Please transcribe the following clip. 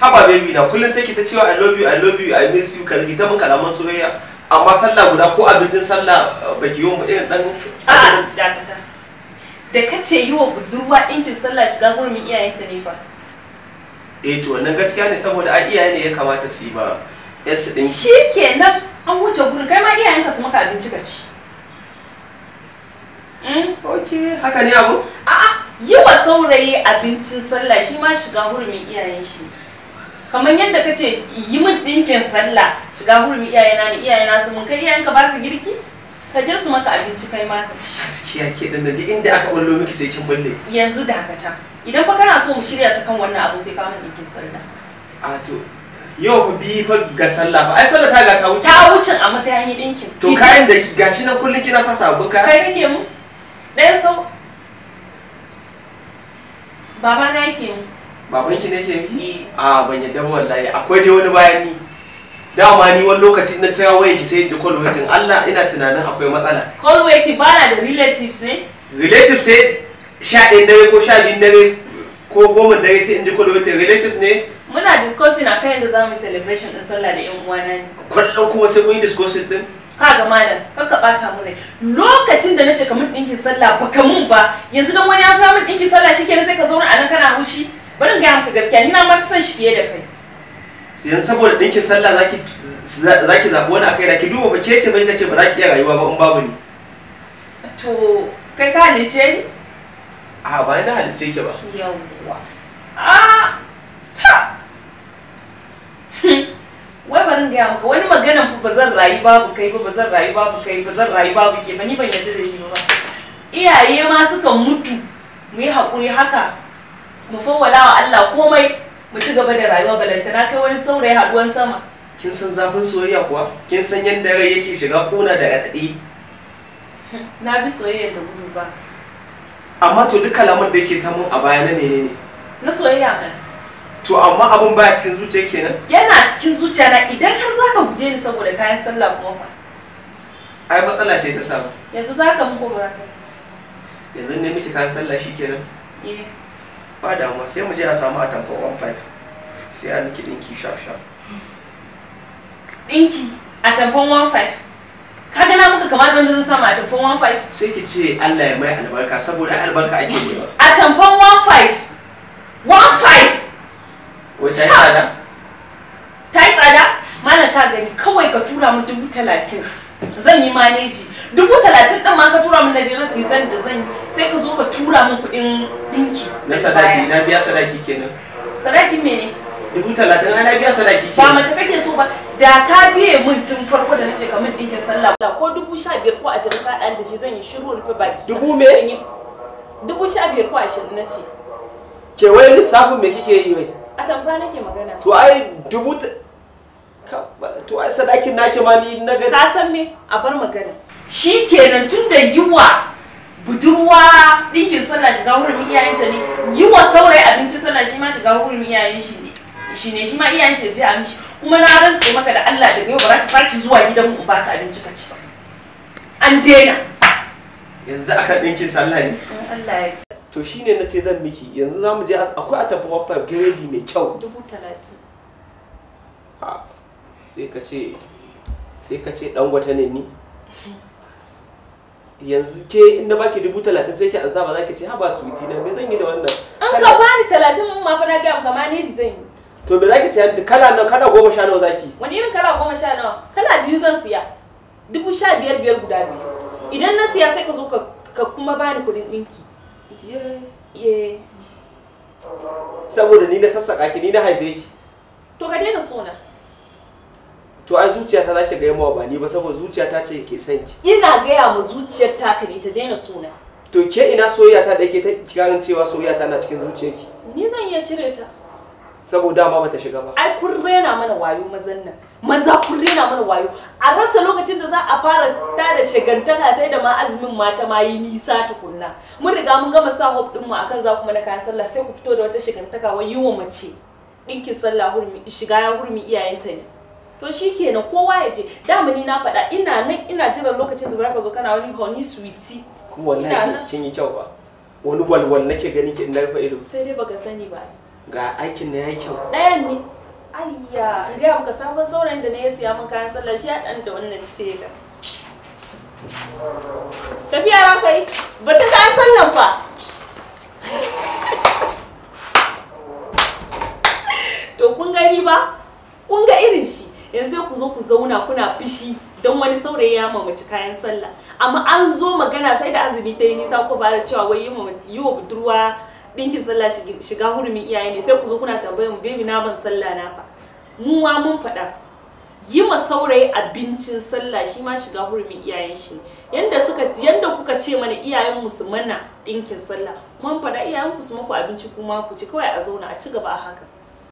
haba baby na kullum sai ki ta cewa i love you i love you i miss you kan ki ta mun kalaman soyayya amma sallah guda ko abincin sallah uh, baki yi mu irin dan a dakata da kace yi wa budurwa injin sallah shiga gurbin iyayenta ne fa eh to wannan gaskiya ne saboda a iyaye ne ya kamata su yi ba yes din shikenan an wuce gurbin kai ma iyayenka su maka abinci ka ci hmm? ok haka ne abu a'a yi wa saurayi abincin sallah shi ma shiga hurumin iyayen shi kamar yadda ka ce yi min ɗinkin sallah shiga hurumi iyayena ne iyayena su mun kai iyayenka ba su girki ka je su maka abinci kai ma ka ci gaskiya ke din da duk inda aka ballo miki sai kin balle yanzu dakata idan fa kana so mu shirya ta kan wannan abu sai ka min ɗinkin sallah a to yau ku bi fa ga sallah ba ai sallah ta ga ta wuce ta wuce amma sai an yi ɗinkin to kayan da gashi nan kullun kina sa sabon ka kai rike mu ɗayan sau baba na yake mu baban ki ne ke yi? Eh. a ban yadda ba wallahi akwai dai wani bayani da dama ni wani lokaci na cewa waya ki sai ji call waiting Allah ina tunanin akwai matsala call waiting ba na da relatives ne relatives sai sha ɗaya dare ko sha biyu dare ko goma dare sai in ji call waiting relatives ne muna discussing kan yadda za mu celebration din sallah da yan uwana ne ɗan kuma sai mun yi discussing din kaga malam kar ka bata mu rai lokacin da nace ka mun dinkin sallah baka mun ba yanzu dan wani ya sa mun dinkin sallah shikenan sai ka zauna a nan kana hushi bari ga maka gaskiya ni na mafi son shi fiye da kai yanzu saboda ɗinkin sallah zaki zaki zaɓi wani akai da ki duba ba ke ce bai kace ba za ki iya rayuwa ba in babu ni to kai ka halice ni a ba na halice ki ba yawwa a ta wai barin gaya maka wani maganan fa ba zan rayu babu kai ba ba zan rayu babu kai ba zan rayu babu ke ba ni ban yarda da shi ba iyaye ma suka mutu mu yi haƙuri haka mu wala wa Allah komai mu ci gaba da rayuwa balantana kai wani saurayi haduwan sama kin san zafin soyayya kuwa kin san yadda rai yake shiga kona da raɗaɗi na bi soyayya da gudu ba amma to duk kalaman da yake ta a baya na menene na soyayya mana to amma abun baya cikin zuciya kenan yana cikin zuciya na idan har zaka guje ni saboda kayan sallah kuma fa ai matsala ce ta samu yanzu zaka mun ko ba yanzu ne miki kayan sallah shikenan eh ba damuwa sai mu je a samu atamfa one five sai a miki dinki sharp sharp dinki atamfan one five ka gana muka kamar wanda zai samu atamfan one five sai ki ce Allah ya mai albarka saboda ai albarka ake yi nema atamfan one five one five wata tsada ta yi tsada mana ka gani kawai ka tura mu dubu talatin zan yi maneji dubu talatin mun na je na season da zan sai ka zo ka tura min kuɗin ɗinki na sadaki na biya sadaki kenan sadaki mene dubu talatin na biya sadaki kenan ba mace kake so ba da ka biye min tun farko da nace ka min ɗinkin sallah ko dubu sha biyar ko ashirin ka ɗan da shi zan yi shiru rufe baki dubu me dubu sha biyar ko ashirin na ce ke wai lissafin me kike yi wai a tamfa nake magana to ai dubu to ai sadakin nake ma ni na gani ka san me a bar magana shi kenan tun da yiwa budurwa ɗinkin sallah shiga hurumin ta ne yiwa saurayi abinci sallah shi ma shiga hurumin iyayen shi ne shi ne shi ma iyayen shi je amshi kuma na rantse maka da Allah daga yau ba za ka sake zuwa gidan mu ba ka abinci ka ci ba an daina yanzu da aka ɗinkin sallah ne Allah ya to shine na ce zan miki yanzu za mu je akwai a tafi wafa giredi mai kyau dubu talatin sai ka ce sai ka ce dan gwata ne ni yanzu ke in na baki dubu talatin sai ke an ba za ki ce ha ba suwiti na me zan yi da wannan an ka bani talatin mun ma fa na gaya maka ji zan yi to me za ki siya kala nawa kala goma sha nawa za ki wani irin kala goma sha nawa kala biyu zan siya dubu sha biyar biyar guda biyu idan na siya sai ka zo ka kuma bani kuɗin ɗinki saboda ni na sassaƙa ki ni na haife ki to ka daina sona to ai zuciyata zaki gaya mawa ba ni ba saboda zuciyata ce ke son ki ina gaya ma zuciyar ta ka ne ta daina suna to ke ina soyayya ta da ke ta kikarin cewa soyayya na cikin zuciyarki ni zan iya cire ta saboda ma bata shiga ba ai kun rena mana wayo mazan nan maza kun rena mana wayo a rasa lokacin da za a fara ta da shagantaka sai da ma azumin mata ma yi nisa ta kunna. mun riga mun gama sa hop din mu akan za kuma na kayan sallah sai ku fito da wata shagantaka wai yi wa mace dinkin sallah hurmi shiga ya hurmi iyayenta ne to shi kenan kowa ya je dama ni na faɗa ina nan ina jiran lokacin da zaka zo kana wani honey sweetie kuma wallahi kin yi kyau ba wani walwal nake gani ki inda fa'ido sai dai baka sani ba ga aikin na yayi kyau ɗayan ne ayya ga maka sabon saurayin da na ya siya min kayan sallah shi ya dan da wannan tela tafiya za kai ba ta kayan sallah fa to kun gani ba kun ga irin shi yanzu sai ku zo ku zauna kuna fishi don wani saurayi ya mamaci kayan sallah amma an zo magana sai da azumi ta yi nisa ku fara cewa wai yi wa budurwa ɗinkin sallah shiga hurumin iyaye ne sai ku zo kuna tambayar mu bebi na ban sallah na fa mu ma mun faɗa yi ma saurayi abincin sallah shi ma shiga hurumin iyayen shi yanda suka yanda kuka ce mana iyayen mu su mana dinkin sallah mun faɗa iyayen ku su maku abinci kuma ku ci kawai a zauna a ci gaba a haka